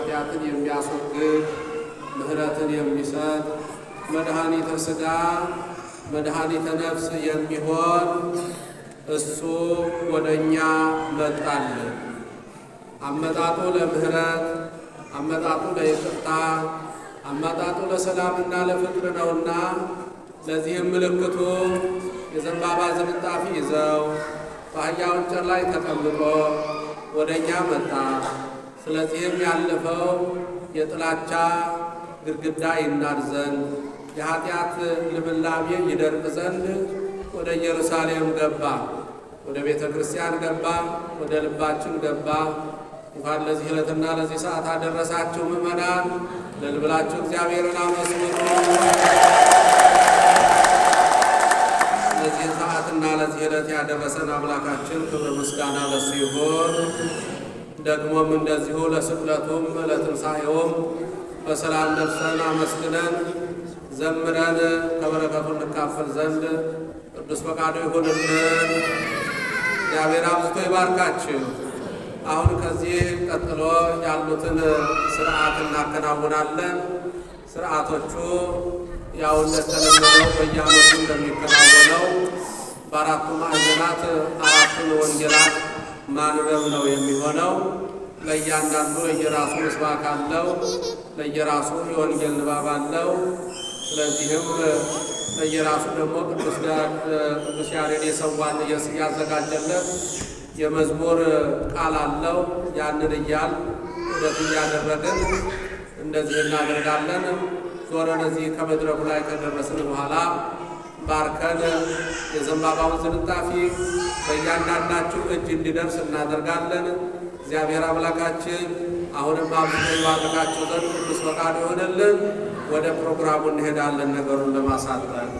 ኃጢአትን የሚያስወግድ ምሕረትን የሚሰጥ መድኃኒተ ሥጋ መድኃኒተ ነፍስ የሚሆን እሱ ወደ እኛ መጣልን። አመጣጡ ለምሕረት አመጣጡ ለይቅርታ አመጣጡ ለሰላምና ለፍቅር ነውና ለዚህም ምልክቱ የዘንባባ ዝንጣፊ ይዘው በአህያ ወንጭር ላይ ተቀምጦ ወደ እኛ መጣ። ስለዚህም ያለፈው የጥላቻ ግድግዳ ይናድ ዘንድ የኃጢአት ልምላሜ ይደርቅ ዘንድ ወደ ኢየሩሳሌም ገባ፣ ወደ ቤተ ክርስቲያን ገባ፣ ወደ ልባችን ገባ። እንኳን ለዚህ ዕለትና ለዚህ ሰዓት አደረሳችሁ ምዕመናን። ለልብላችሁ እግዚአብሔርን አመስግኑ። ለዚህ ሰዓትና ለዚህ ዕለት ያደረሰን አምላካችን ክብር ምስጋና ለሱ ይሆን። ደግሞም እንደዚሁ ለስቅለቱም ለትንሣኤውም በሰላም ደርሰን አመስግነን ዘምረን ከበረከቱ እንካፈል ዘንድ ቅዱስ ፈቃዱ ይሁንልን። እግዚአብሔር አብዝቶ ይባርካችሁ። አሁን ከዚህ ቀጥሎ ያሉትን ስርዓት እናከናውናለን። ስርዓቶቹ ያው እንደተለመደው በየዓመቱ እንደሚከናወነው በአራቱ ማዕዘናት አራቱን ወንጌላት ማንበብ ነው የሚሆነው። ለእያንዳንዱ ለየራሱ ምስባክ አለው፣ ለየራሱ የወንጌል ንባብ አለው። ስለዚህም ለየራሱ ደግሞ ቅዱስ ያሬድ የሰዋን እያዘጋጀለት የመዝሙር ቃል አለው። ያንን እያል ሂደት እያደረግን እንደዚህ እናደርጋለን። ዞረ ለዚህ ከመድረኩ ላይ ከደረስን በኋላ ባርከን የዘንባባውን ዝንጣፊ በእያንዳንዳችሁ እጅ እንዲደርስ እናደርጋለን። እግዚአብሔር አምላካችን አሁንም አብዝቶ ይባርካቸው ዘንድ ቅዱስ ፈቃድ ይሆንልን። ወደ ፕሮግራሙ እንሄዳለን ነገሩን ለማሳጠር